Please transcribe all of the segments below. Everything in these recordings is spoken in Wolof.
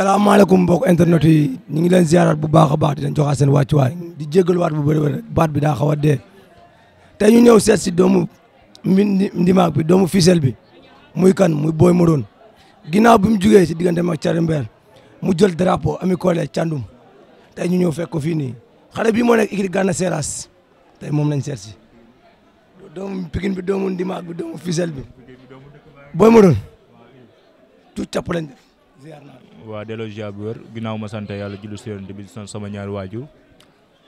salaamaaleykum mbokk internet yi ñu ngi leen ziarat bu baax a baax di leen joxaat seen wàccuwaay di jéggal waat bu bëri bëri baat bi daa a dee tey ñu ñëw seet si doomu ndimaak bi doomu ficelle bi muy kan muy Boy Maroon ginnaaw bi mu jugee si diggante mag Thierry Mbène mu jël drapeau ami collège Thiandoum tey ñu ñëw fekk ko fii nii xale bii moo nekk tey moom lañ seet si doomu Pikine bi doomu ndimaak bi doomu ficelle bi Boy Maroon tout capp lañ def waa delloo ziar bu ginnaaw ma sant yàlla julli si yoon bi di sama ñaar waajur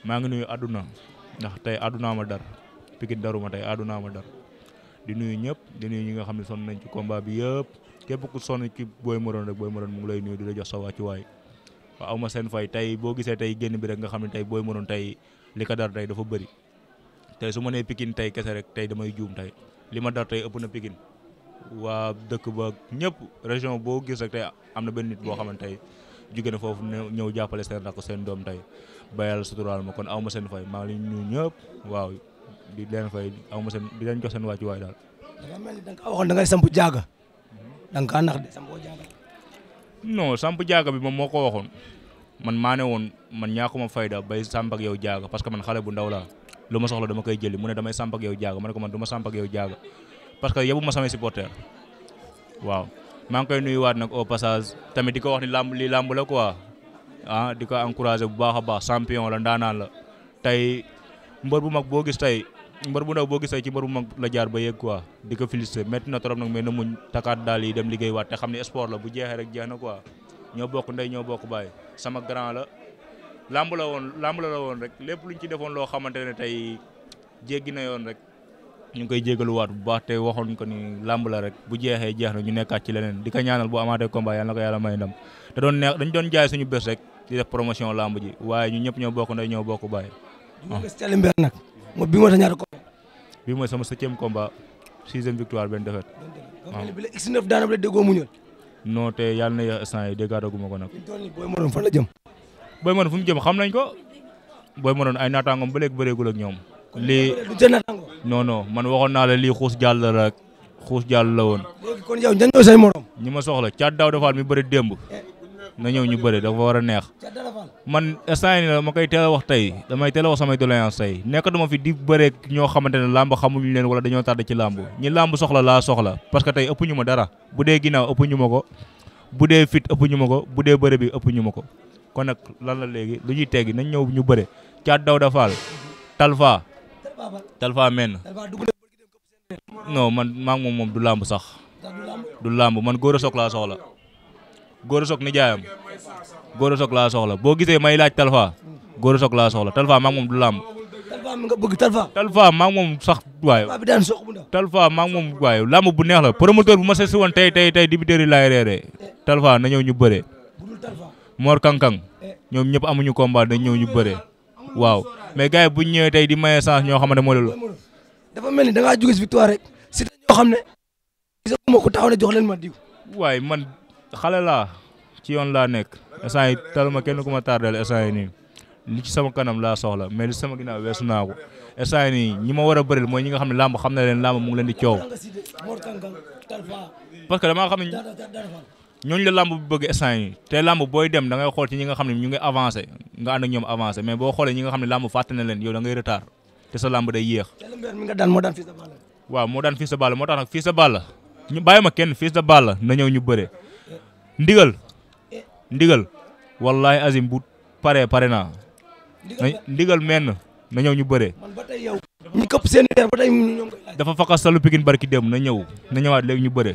maa ngi nuyu àdduna ndax tey àddunaa ma dar daru ma tey àddunaa ma dar di nuyu ñëpp di nuyu ñi nga xam ne sonn nañ ci combat bi yëpp képp ku sonn ci Boy Maron rek booy Maron mu ngi lay nuyu di la jox sa wàccuwaay waaw aw ma seen fay tey boo gisee tey génn bi rek nga xam ne tey Boy Maron tey li ko dar tey dafa bari tey su ma nee pikin tey kese rek tey damay juum tey li ma dar tey ëpp na Pikine waa dëkk ba ñëpp région boo gis rek tey am na benn nit boo xamante tey na foofu ñëw jàppale seen rakk seen doom tey ba yàlla suturaal ma kon aw ma seen fay maa ñu ñëpp waaw di ma seen leen jox seen wàccuwaay daal. da mel da nga waxoon da ngay samp da nga de sampoo jaaga. non samp bi moom moo ko waxoon man maa ne woon man ñaakuma fayda bay samp ak yow jaaga parce que man xale bu ndaw laa lu ma soxla dama koy jëli mu ne damay samp ak yow jaaga mane ne ko man du ma samp yow jaaga. parce que yóbbu ma samay supporters waaw maa koy nuy waat nag o passage tamit di ko wax ni làmb li làmb la quoi ah di ko encouragé bu baax a baax champion la ndaanaan la tey mbër bu mag boo gis tey mbër bu ndaw boo gis tey ci mbër bu mag la jaar ba yegg quoi di ko félicité métti na trop nag mais na muñ takkaat daal yi dem liggéey waat te xam ne sport la bu jeexee rek jeex na quoi ñoo bokk ndey ñoo bokk baay sama grand la làmb la woon làmb la la woon rek lépp luñ ci defoon loo xamante ne tey jéggi na yoon ñu ngi koy jégaluwaat bu baax te waxoon ko ni làmb la rek bu jeexee jeex na ñu nekkaat ci leneen di ko boo bu amaatee combat yàlla na ko yàlla may ndam dañ doon jaay suñu bés rek di def promotion làmb ji waaye ñu ñëpp ñoo bokk ndey ñoo bokk bàyyi. ñu ngi si Alioune nag moom bii mooy sama septième combat sixième victoire benn défaite. waaw bi la X9 daanam la déggoo mu ñëw. non te yàlla na yéex instant yii déggaataguma ko nag. booy Maroon fan la jëm. booy Maroon fu mu jëm xam nañ ko booy Maroon ay naataangoom ba léegi bëreegul ak ñoom lii non non man waxoon naa la lii xuus jàll la rek xuus jàll la woon. kon yow ñan ñi ma soxla Thiat Daouda Fall mi bëri démb eh. na ñëw ñu bëri dafa war a neex man instant yii nii ma koy teel a wax tey damay teel a wax samay doléance tey nekk fi di bëree ñoo xamante ne làmb xamuñu leen wala dañoo tàdd ci làmb ñi làmb soxla laa soxla parce que tey ëpp ñu ma dara bu dee ginnaaw ëpp ñu ma ko bu dee fit ëpp ñu ko bu dee bëre bi ëpp ñu ko kon nag lan la léegi lu ñuy teggi nañ ñëw ñu bëre Thiat Daouda Fall Talfa Talfa men non man maa moom du làmb sax du làmb man góor a soog laa soxla góor a soog nijaayam góor a soog laa soxla boo gisee may laaj Talfa góor a soog laa soxla Talfa maa ngi moom du làmb Talfa maa moom sax waaye Talfa maa ngi moom waaye làmb bu neex la promoteur bu ma seet si woon tey tey tey dibiteer yi laay reeree eh. Talfa na ñëw ñu bëre Mor Kankang eh. ñoom ñëpp amuñu combat dañ ñëw ñu bëre waaw mais gars yi bu ñu ñëwee tey di maye chance ñoo xamante mooy loolu. dafa mel ni da ngaa si victoire rek si ñoo xam ne. gisuma ko taxaw ne jox leen ma diw. waaye man xale laa ci yoon laa nekk instant yi taluma kenn ku ma tardel instant yi nii li sama kanam laa soxla mais li sama ginnaaw weesu naa ko instant yi nii ñi ma war a bëril mooy ñi nga xam ne làmb xam na leen làmb mu ngi leen di coow. parce que damaa xam ne. ñooñu la làmb bu bëgg instant yi te làmb booy dem da xool ci ñi nga xam ne ñu ngi avancé nga ànd ak ñoom avancé mais boo xoolee ñi nga xam ne làmb fàtte na leen yow da ngay retard te sa làmb day yéex. waaw moo daan Fils sa Balla moo tax nag Fils de Balla ñu bàyyi ma kenn Fils de Balla na ñëw ñu bëre ndigal ndigal wallahi azim bu paree pare naa ndigal menn na ñëw ñu bëree. dafa faqas salu Pikine barki dem na ñëw na ñëwaat léegi ñu bëree.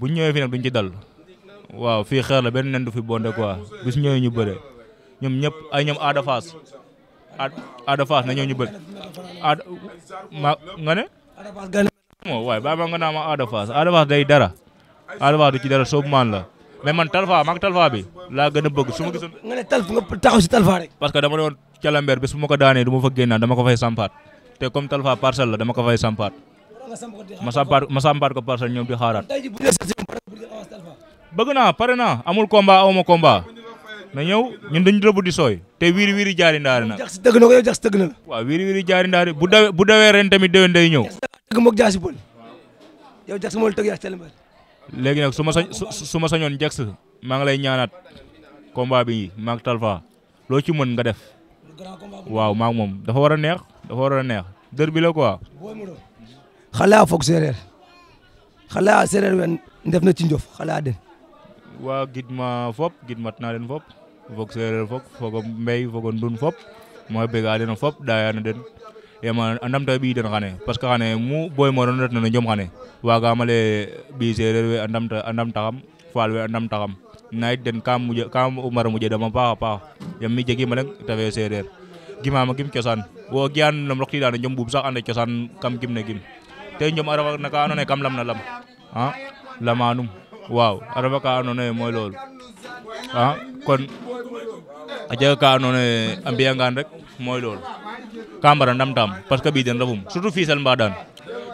bu ñëwee fi nag duñ ci dal waaw fii xeer la benn nen du fi bondé quoi bis ñëwee ñu bëre ñoom ñëpp ay ñoom Ada Fass na ñëw ñu bëre Ada ma nga ne. moo naa ma Ada Fass day dara Ada Fass du ci dara soobu maan la mais man talfa maag bi laa gën a bëgg su ma gisoon. nga ne taxaw si talfa rek. parce que la dama ko fay sampaat. ma sàmbaat ko parcelle ñoom di xaaraat. bëgg naa pare naa amul komba combat ma combat na ñëw ñun dañu rëbb di sooy te wiiri wiiri jaari ndaari na. jax dëgg na ko yow jax dëgg na la. waaw wiiri wiiri jaari ndaari bu dawee bu dawee ren tamit déwén day ñëw. yow jax moo la nag su ma sañ su ma sañoon jax maa ngi lay ñaanaat combat bi maag Talfa loo ci mën nga def waaw maag moom dafa war a neex dafa war a neex dër bi la quoi. xalaa foog séeréer xalaa séeréer wen ndef na ci njof xalaa den waa gidma fop gidmat na den fop foog séeréer fop fogo mbey fogo ndun fop ma bega den fop dayana den yama a ndamta ɓiy den xane parce que xane mu boy moron retna no jom xane wagama lay ɓiy séeréer we a ndamta a ndamtaxam faal we a ndamtaxam nayit den kam mara mujj dama paax yam mi jegima leng te fe séeréer gimaama gim cosaan wo giyan nam roqtida no jom ɓuuɓ sax anda cosaan kam gim gim te ñoom a refa no ka lam a ah, lamanum waaw a refa ka andoona ah, kon a jega ka rek mooy loolu ka mbara parce que ɓiy den surtout fiisel mbadan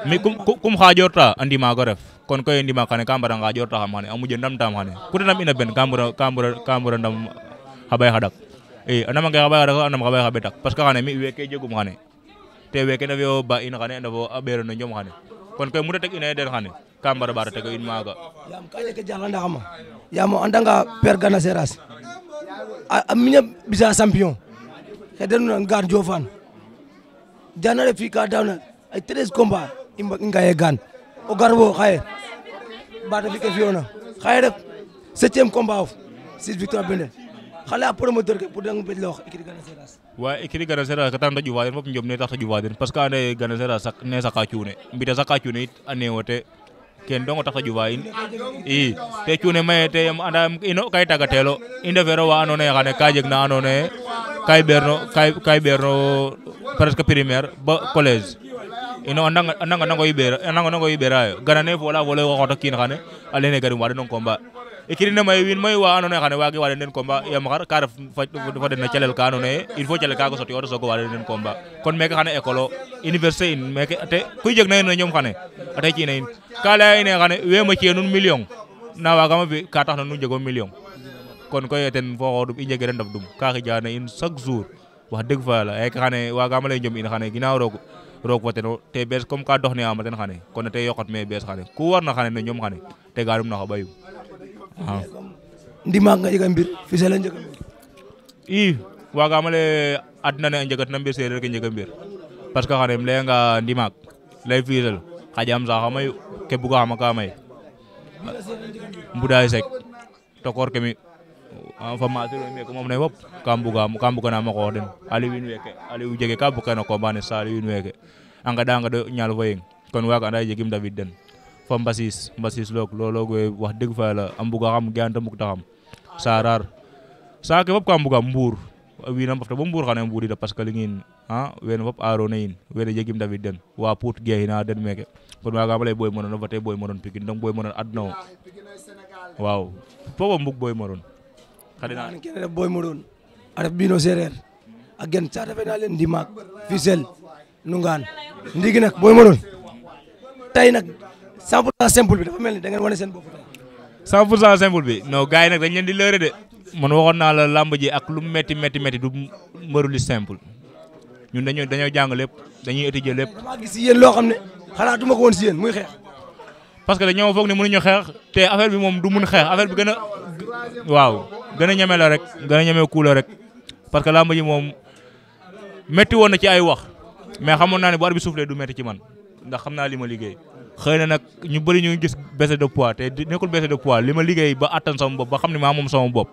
mi kum xaajoorta a ndimaago ref kon koy ndimaak xane ka mbara ngaajoorta xam ndam xa ɓay xa ɗak i a parce que xane te weeke ndef yo ba in xane a ndefo a ɓeero no njom xane kon koy mu ta teg ina ye den xane ka mbara mbaat a tega in maaga yaam ka jega jaxlanaxama yaam o andanga père Gana Seras a miña bisa champion xe denuna ngar Ndiofane jana ref fi ka daawna ay 13 combat i ngaye gaan o gar wo xaye mbaata fi ke fi'oona xaye ref septième combat of six victoire bene xanaa promoteur ke pour dang bedlo ikiri wa ikiri Gana Seras ka tan taju waden fop njom ne tax taju waden parce que ande Gana Seras ne saka cuune mbita saka cuune it ane wote ken dongo tax taju wayin i te cuune maye te anda ino kay tagatelo i ndefero wa andona ye xane ka jeg na andona ye kay berno presque primaire ba collège ino andanga nango yibera andanga nango yo gana ne fola wala ko to kin xane alene garim waden on combat écrit na may wiin mayu wa andoona yee xane waage waɗan den combat yaam xar ka ref fa den na calel ka andoona yee il faut calel kaaga soti o ta soog o waɗan den combat kon meke xane école o université in meke te kuy jeg na ñoom xane ate ci'ina in ka laya ine xane we mo ci'e million na waagaam a fi ka taxna nu jego million kon koy ten fo xooɗum i njegee da ndaf dum ka xijana in chaque jour wax dëgg fa yàlla xane waagaam a lay xane ginaaw roog fa ten te ndimaak nga ƴega mbir fisel a njega mbir i wagaam o lay adna ne a njegatna mbir sereer ke njega mbir parce que xane im layanga ndimaak lay fisel xaƴaam sax a mayu ke bugaxama ka may mbuday sek tokoor ke mi formation um weeke moom fop ka mbugaam ka mbuganaam a den ali wiin weeke ali jege ka bukana combat ne sali wiin weeke a ngeɗa ngeɗo ñaal fo yeng kon waaga anda jegim David den fa mbasiis mbasiis loog looloogoy wax dëgg fa la a mbuga xam ganta mbug ta xam saaraar saake fop ka mbuga mbuur wiin a mbafta bo mbuur xana mbuurida parce que lingin a wene fop aarona in wene jegim ndafid den wa puut geexina den meeke kon waagaam lay boy o fate boy moron pikin donc boy boy moron xadina kene ref moron a ref mbino sereer a gen saate boy moron tay cent pour bi dafa mel ni da ngeen seen bopp tey. cent pour cent simple yi nag dañ leen di lëre de. waxoon naa la làmb ji ak lu metti metti metti du mbëru li simple ñun dañoo dañoo jàng lépp dañuy étudier lépp. si gis yéen loo xam ne xanaa du ma ko woon si yéen muy xeex. parce que dañoo foog ne mënuñu xeex te affaire bi moom du mun xeex affaire bi gën waaw gën a ñeme la rek gën a ñeme la rek parce que làmb ji moom métti woon na ci ay wax mais xamoon naa ne bu arbitre bi soufflé du métti ci man ndax xam naa li ma liggéey. xëy na nag ñu bari ñu gis baisse de poids te nekkul baisse de poids li ma liggéey ba attan sama bopp ba xam ne maa moom sama bopp.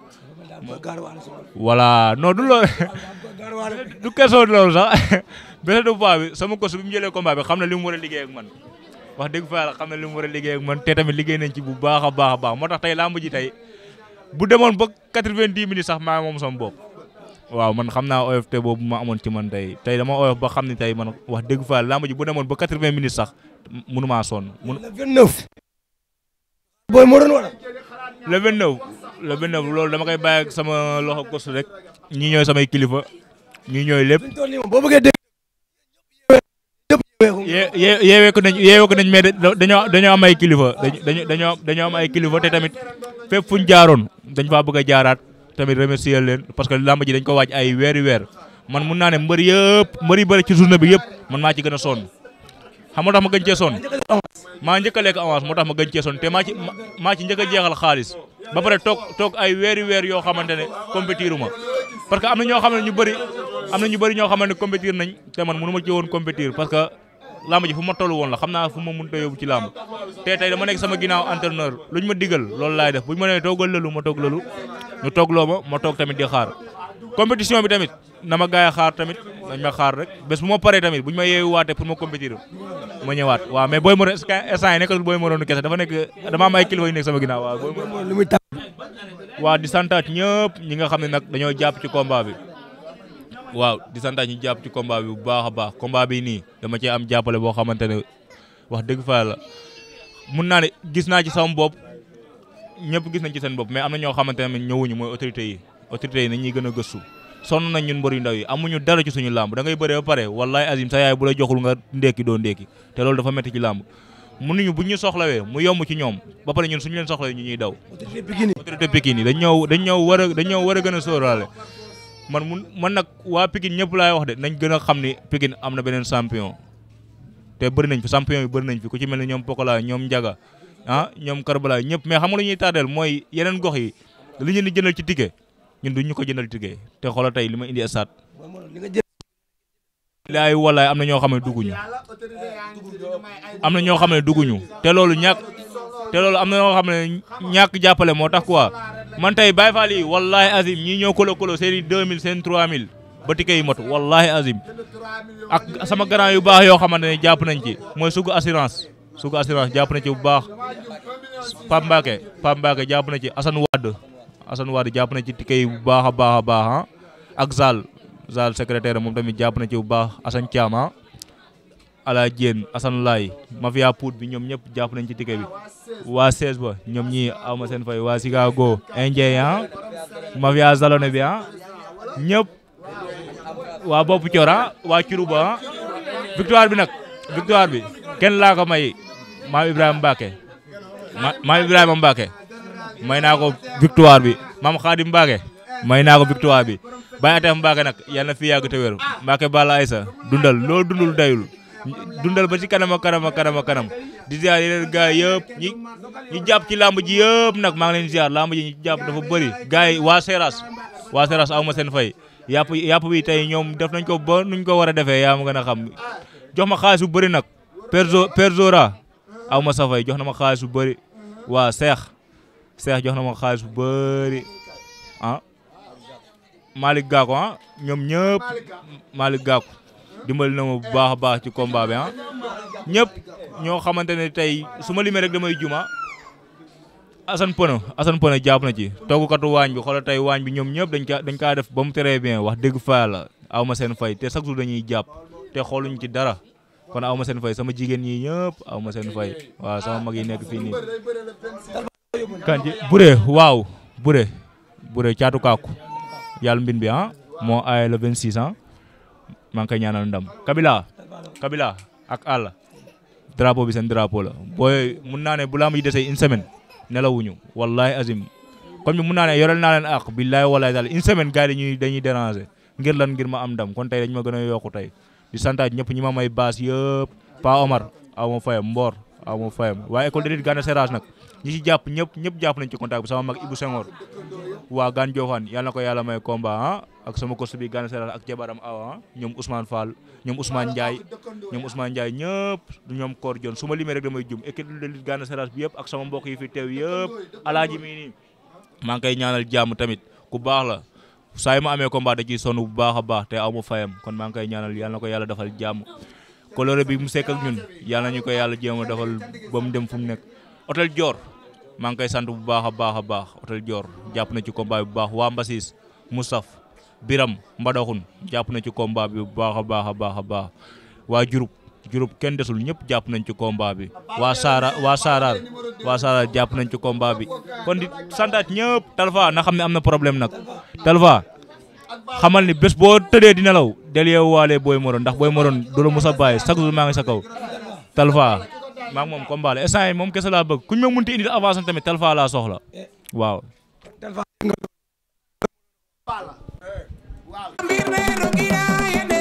voilà non du loolu du question loolu sax baisse de poids bi sama kos bi mu jëlee combat bi xam na li mu war a liggéey ak man. wax dëgg fa yàlla xam na li war a liggéey ak man te tamit liggéey nañ ci bu baax a baax a baax moo tax tey làmb ji tey bu demoon ba quatre-vingt-dix minutes sax maa moom sama bopp. waaw man xam naa OFT boobu ma amoon ci man tey tey dama oyof ba xam ne tey man wax dëgg fa làmb ji bu demoon ba quatre-vingts minutes sax mënumaa sonn. le vingt-neuf. loolu dama koy bàyyi sama loxo gosu rek. ñi ñooy samay kilifa. ñi ñooy lépp. boo bëggee dégg. yee yee yeeweeku nañ yeeweeku nañ mais dañoo dañoo am ay kilifa dañoo dañoo dañoo am ay kilifa te tamit fépp fu ñu jaaroon dañ faa bëgg a jaaraat. tamit remercier leen parce que làmb dañ ko waaj ay weeri weer man mun naa ne mbër yëpp mbër yi bëri ci journée bi yëpp man maa ci gën a sonn xam moo tax ma gën cee maa njëkk a lekk avance moo tax ma gën cee te a jeexal xaalis weer yoo xamante ne compétir ma parce que am na ñoo xam ne ñu bëri am na ñu bëri ñoo xamante ne compétir nañ te man mënu ma ci woon compétir parce que làmb fu ma toll woon la xam naa fu ma mënut a yóbbu ci làmb te tey dama nekk sama ginnaaw entraîneur luñ ma digal loolu laay def buñ ma nee toogal lëlu ma toog lëlu ñu toog loo ma ma toog tamit di xaar compétition bi tamit na ma gaay xaar tamit nañ ma xaar rek bés bu ma paree tamit bu ñu ma yeewuwaatee pour ma compétir ma ñëwaat waa mais booy moroon instant yi nekkatul booy moroonu kese dafa nekk dama am ay kilifa yu nekk sama ginnaaw di santaat ñëpp ñi nga xam ne nag dañoo jàpp ci combat bi waaw di santaat ñi jàpp ci combat bu baax a baax combat bi nii dama cee am jàppale boo xamante ne wax dëgg fa la mun naa ne gis naa ci sama bopp ñëpp gis nañ ci seen bopp mais am na ñoo xamante ne ñëwuñu mooy autorités yi autorités yi nañuy gën a gëstu sonn nañ ñun mbër yu ndaw yi amuñu dara ci suñu làmb da ngay ba pare wallaay azim sa yaay bu la joxul nga ndékki doo ndékki te loolu dafa métti ci làmb mënuñu bu ñu soxlawee mu yomb ci ñoom ba pare ñun suñu leen soxlawee ñu ñuy daw autorité Pikine yi dañ ñëw dañ ñëw a a a sóoraale man mun man nag waa Pikine ñëpp laay wax de nañ gën a xam ni Pikine am na ah ñoom Karbala ñëpp mais xam nga ñuy tardeel mooy yeneen gox yi li ñu di jëndal ci ticket ñun duñ ñu ko jëndal ticket te xoolal tey li ma indi stade. laay walaay am na ñoo xam ne dugguñu am na ñoo xam ne dugguñu te loolu ñakk te loolu am na ñoo xam ne ñàkk jàppale moo tax quoi man tey Baye Fall yi wallaahi azim ñii ñoo kolo kolo seen i 2000 seen 3000 ba ticket yi matu wallaahi azim ak sama grand yu baax yoo xamante ne jàpp nañ ci mooy sugu assurance. su ko assurance jàpp na ci bu baax Pape Mbacke Pape Mbacke jàpp na ci Assane Wade Assane Wade jàpp na ci tike bu baax a baax a baax ah. ak Zal Zal secrétaire moom tamit jàpp na ci bu baax asan Thiam ah. Ala Dieng Assane Laye Mafia bi ñoom ñëpp jàpp nañ ci tike bi waa Sees ba ñoom ñii ama seen fay waa Chicago Indien ah. Mafia Zalone bi ñëpp waa Bopp Cora waa Curuba victoire bi nag victoire bi kenn laa may maam Ibrahima Mbacke ma maam Ibrahima Mbacke may naa ko victoire bi maam Khadim Mbacke may naa ko victoire bi Baye Atef Mbacke nag yal na fi yàgg te wér Mbacke Balla Aïssa dundal loo dundul dayul dundal ba ci kanam ak kanam ak kanam di ziar yeneen gars yëpp ñi ñi jàpp ci làmb ji yëpp nag maa ngi leen ziar làmb ji ñi jàpp dafa bëri gars yi waa Seras waa Seras aw ma seen fay yàpp yàpp bi tey ñoom def nañ ko ba nuñ ko war a defee yaa ma gën a xam jox ma xaalis bu bëri nag perzo aw ma sa jox na ma xaalis bu bari mhm. waa seex seex jox na ma xaalis bu bëri ah Malick Gakou ah ñoom ñëpp Malick Gakou mhm. dimbali na ma bu baax a baax ci combat bi ah ñëpp ñoo xamante ne tey su ma limee rek damay juma Assane Pono Assane Pono jàpp na ci toggukatu waañ bi xoolal tey waañ bi ñoom ñëpp dañ kaa dañ kaa def ba mu très bien wax dëgg fa la aw ma seen fay te chaque jour dañuy jàpp te xooluñ ci dara kon aw ma seen fay sama jigéen ñi ñëpp aw ma seen fay waaw sama mag yi nekk fii nii. kanji Bure waaw Bure caatu kaaku yàlla mbin bi ah moo aaye le 26 ans ah. maa ngi koy ñaanal ndam Kabila Kabila ak àll drapeau bi seen drapeau la booy mun naa ne bu laa muy desee une semaine nelawuñu wallahi azim comme ni mun naa ne yorel naa leen ak billahi wallahi daal une semaine gars yi dañuy dañuy ngir lan ngir ma am ndam kon tey dañ ma gën a yokku tey di santaat ñëpp ñi ma may baas yëpp Pa Omar aw ma fayam Mbor aw ma fayam waaye école de lutte Gana nag ñi ci jàpp ñëpp ñëpp jàpp nañ ci contact bi sama mag Ibou Senghor waa Gane Diofane yàlla na ko yàlla may combat ah ak sama coach bi Gana ak jabaram awa ah ñoom Ousmane Fall ñoom Ousmane Ndiaye ñoom Ousmane Ndiaye ñëpp ñoom Kor Dione suma ma limee rek damay jum équipe de lutte Gana bi yëpp ak sama mbokk yi fi teew yëpp alaaji mii maa ngi koy ñaanal jàmm tamit ku baax la saa yi ma amee combat da ciy sonn bu baax a baax te aw ma fayam kon maa ngi koy ñaanal yàlla na ko yàlla defal jàmm coloré bi mu sekk ak ñun na ñu ko yàlla jéem a defal ba dem fu mu nekk hôtel joor maa ngi koy sant bu baax a baax a baax hôtel Dior jàpp na ci combat bi bu baax waa mu Moustaph Biram Mbadaxun jàpp na ci combat bu baax a baax a baax a baax waa Diouroup juróom kenn desul ñëpp jàpp nañ ci combat waa saara waa saaraar waa saaraar jàpp nañ ci combat bi kon di santaat ñëpp Talfa na xam ne am na problème nag Talfa xamal ni bés boo tëddee dina law del yeewu waale Boy Maron ndax Boy Maron du sa mos a jour maa ngi sa kaw Talfa maa moom combat la instant yi moom kese laa bëgg kuñ ma munti indi avancé tamit Talfa laa soxla waaw